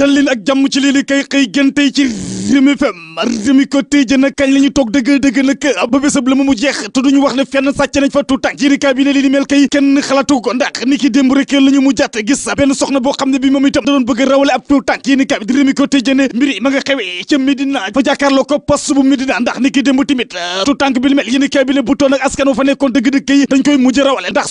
dalleen ak jàmm ci lii li kay xëy gën tey ci Rewmi FM Rewmi Quotidien nag kañ la ñu toog dëgg dëgg nag ba bésab la mu mu jeex te duñu wax ne fenn sàcc nañ fa tuutànk jirikaay bi ne li mel kay kenn xalaatu ko ndax ni ki rek la ñu mu jàtt benn soxna boo xam ne bi moom itam da doon bëgg rawale ab tuutànk yéenikaay bi di Rewmi Quotidien ne mbiri ma nga xewee ca Médina fa ko poste bu Médina ndax ni ki démb tamit euh, tuutànk bi mel yéenikaay bi bu toon askan wa fa nekkoon dëgg dëgg yi dañ koy mujj rawale ndax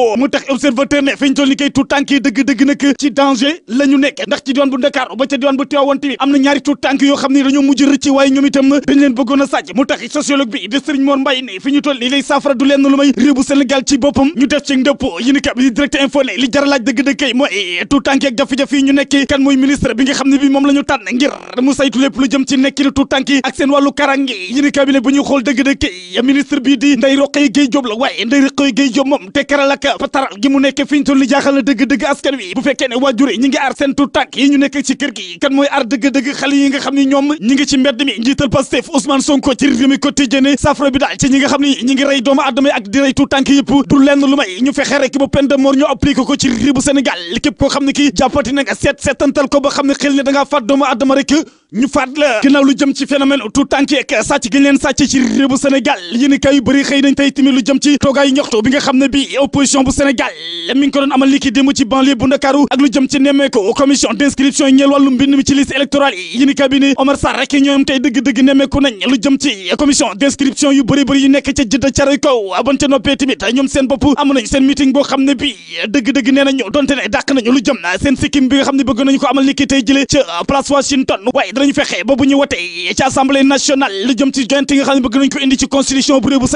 woo mu tax observateur ne fi ñu toll ni koy tuut tànk yi dëgg-dëgg nag ci danger la ñu ndax ci diwaan bu Dakar ba ca diwaan bu Tivaouane tamit am na ñaari tuut tànk yoo xam ne dañoo mujj rëcc waaye ñu toll li lay saafara du leen lu may réew Sénégal ci boppam ñu def ci ndëpp yi ni info ne li jar dëgg-dëgg kay mooy tuut tànk ak jafe-jafe ñu nekk kan mooy ministre bi nga xam ne bi moom la ñu tànn mu saytu lépp lu jëm ci nekkin tuut tànk ka taral gi mu nekk fi ñu toll jaaxal na dëgg-dëgg askan wi bu fekkee ne waajur yi ñi ngi aar yi ñu nekk ci kër gi kan mooy aar dëgg-dëgg xale xam ni ñoom ñi ci mbedd mi njiital Pastef Ousmane Sonko ci réew mi quotidien saafara bi daal ci ñi xam ni ñi rey doomu aadama yi ak di rey tu tànk yëpp du lenn lu may ñu fexe rek ba peine ñu appliqué ko ci réew bu Sénégal képp koo xam ne kii jàppati na nga ko ba xam ne xel ne dangaa faat doomu ñu faat la ginnaaw lu jëm ci phénomène tout tànkeek sàcc giñ leen sàcc ci réewu Sénégal yéen i kaay yu bëri xëy nañ tey tamit lu jëm ci toogaayu ñoxtu bi nga xam ne bi opposition bu Sénégal mi ngi ko doon amal ni ci banlieue bu Ndakaaru ak lu jëm ci nemmeeku commission d'inscription yi ñeel wàllu mi ci liste électorale yi yéen i kaay rek ñoom tey dëgg-dëgg nemmeeku nañ lu jëm ci commission d'inscription yu bëri bëri yu nekk ca jëdd caray ko amal ni ki tey jëlee lañu fexe ba bu ñu wotee ci assemblée nationale lu jëm ci joint yi bu gën a dogo ci lu constitution bu réew bu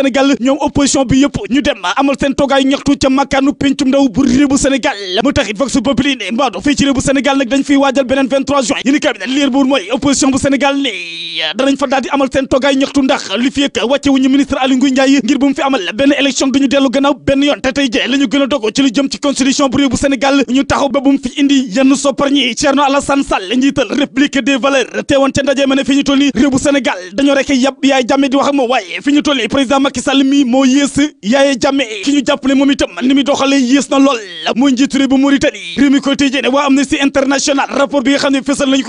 Sénégal ñu taxaw ba bu mu fi indi yenn sopparñi Thierno Alassane Sall njiital république des valeurs teewoon ca ndaje ma ne fi ñu Sénégal dañoo rek yab yaay jàmme di wax waaye fi ñu président Macky Sall moo yées yaaye jàmme ki ñu ne moom itam ni muy doxalee yées na lool mooy njiitu réew bu Mauritanie réew mi quotidien waa Amnesty International rapport bi nga xam ne fésal nañu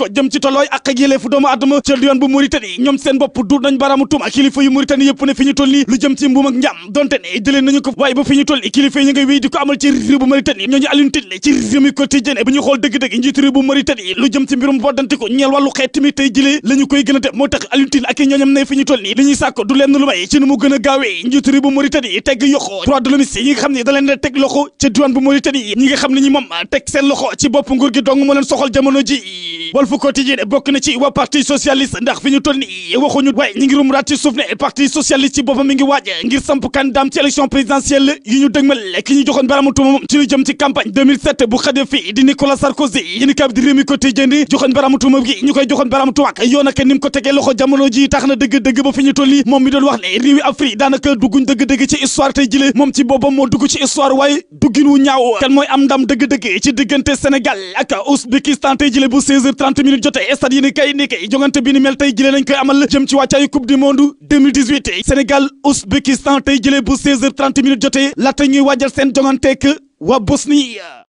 ñoom seen bopp duut nañ baraamu tuuma kilifa yu Mauritanie yëpp ne fi ñu lu jëm ci mbuum ak njàam donte ne jëlee nañu ko waaye ba fi ñu toll nii kilifa ko amal ci réew bu Mauritanie ñooñu Alioune Tine ci mi quotidien bi ñu xool dëgg ci mbirum boddantiku tamit koy gën a moo tax Alioune ak i ñooñam ne fi ñu toll nii li ñuy du lenn lu may ci nu mu gën a gaawee njiitu réew bu Mauritanie teg yoxo droit de l'homme yi nga xam ne da leen da teg loxo ñi nga xam ne ñi moom teg seen loxo ci bopp nguur gi dong moo leen soxal jamono ji Walf Quotidien ci waa parti socialiste ndax fi ñu toll nii waxuñu waaye ñi ngi rumuraat ci suuf ne parti socialiste ci boppam mi ngi waaj ngir samp kandidaam ci élection présidentielle yi ñu dëgmal nekkoon baram tuwaak yoon ak ni mu ko tegee loxo jamono ji tax na dëgg-dëgg ba fi ñu toll nii moom mi doon wax ne réewi Afrique daanaka dugguñ dëgg-dëgg ci histoire tey jile moom ci boppam moo dugg ci histoire waaye duggin wu ñaaw kan mooy am ndam dëgg-dëgg ci diggante Sénégal ak Ouzbékistan tey jile bu 16h30 minutes jotee stade kay ni jongante bi tey jile lañ koy amal jëm ci wàccaayu coupe du monde Sénégal Ouzbékistan tey jile bu 16h30 minutes jotee